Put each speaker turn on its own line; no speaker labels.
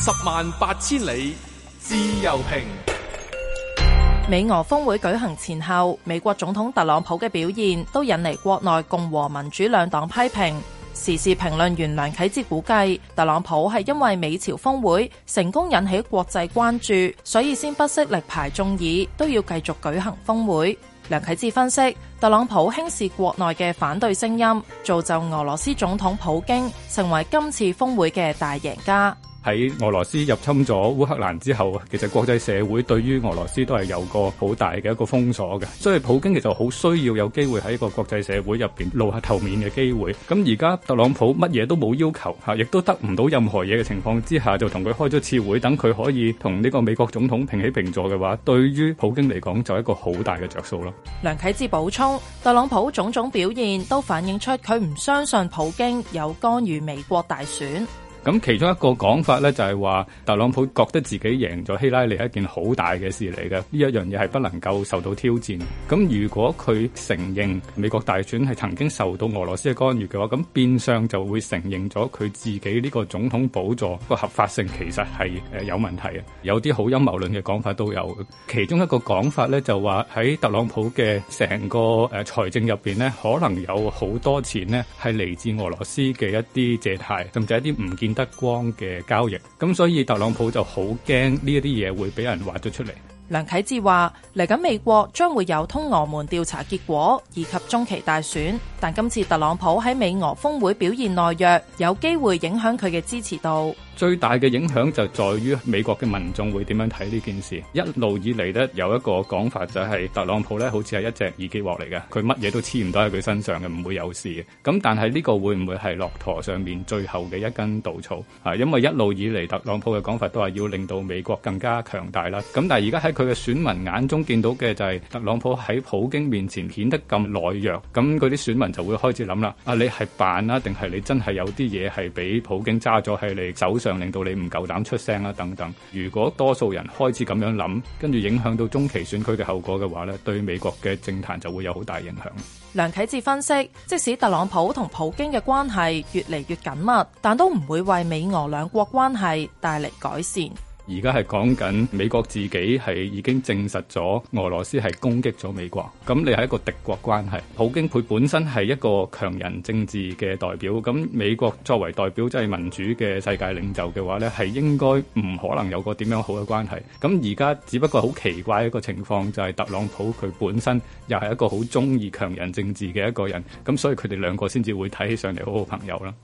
十萬八千里自
由評。美俄峰會舉行前後，美國總統特朗普嘅表現都引嚟國內共和民主兩黨批評。時事評論員梁啟智估計，特朗普係因為美朝峰會成功引起國際關注，所以先不惜力排眾議都要繼續舉行峰會。梁啟智分析，特朗普輕視國內嘅反對聲音，造就俄羅斯總統普京成為今次峰會嘅大贏家。
喺俄羅斯入侵咗烏克蘭之後啊，其實國際社會對於俄羅斯都係有個好大嘅一個封鎖嘅，所以普京其實好需要有機會喺個國際社會入邊露下頭面嘅機會。咁而家特朗普乜嘢都冇要求吓，亦都得唔到任何嘢嘅情況之下，就同佢開咗次會，等佢可以同呢個美國總統平起平坐嘅話，對於普京嚟講就係一個好大嘅着數咯。
梁啟智補充，特朗普種種表現都反映出佢唔相信普京有干預美國大選。
咁其中一個講法咧就係話，特朗普覺得自己贏咗希拉里係一件好大嘅事嚟嘅，呢一樣嘢係不能夠受到挑戰。咁如果佢承認美國大選係曾經受到俄羅斯嘅干預嘅話，咁變相就會承認咗佢自己呢個總統寶座個合法性其實係有問題嘅，有啲好陰謀論嘅講法都有，其中一個講法咧就話喺特朗普嘅成個誒財政入邊咧，可能有好多錢咧係嚟自俄羅斯嘅一啲借貸，甚至一啲唔見德光嘅交易，咁所以特朗普就好驚呢一啲嘢，會俾人挖咗出嚟。
梁啟智話嚟緊美國將會有通俄門調查結果以及中期大選，但今次特朗普喺美俄峰會表現懦弱，有機會影響佢嘅支持度。
最大嘅影響就在於美國嘅民眾會點樣睇呢件事？一路以嚟咧有一個講法就係、是、特朗普咧好似係一隻耳機鑊嚟嘅，佢乜嘢都黐唔到喺佢身上嘅，唔會有事嘅。咁但係呢個會唔會係駱駝上面最後嘅一根稻草啊？因為一路以嚟特朗普嘅講法都係要令到美國更加強大啦。咁但係而家喺佢嘅選民眼中見到嘅就係、是、特朗普喺普京面前顯得咁懦弱，咁嗰啲選民就會開始諗啦：啊，你係扮啊定係你真係有啲嘢係俾普京揸咗喺你手上？令到你唔夠膽出聲啦，等等。如果多數人開始咁樣諗，跟住影響到中期選區嘅後果嘅話咧，對美國嘅政壇就會有好大影
響。梁啟智分析，即使特朗普同普京嘅關係越嚟越緊密，但都唔會為美俄兩國關係帶嚟改善。
而家係講緊美國自己係已經證實咗俄羅斯係攻擊咗美國，咁你係一個敵國關係。普京佢本身係一個強人政治嘅代表，咁美國作為代表即係民主嘅世界領袖嘅話呢，係應該唔可能有個點樣好嘅關係。咁而家只不過好奇怪一個情況，就係特朗普佢本身又係一個好中意強人政治嘅一個人，咁所以佢哋兩個先至會睇起上嚟好好朋友啦。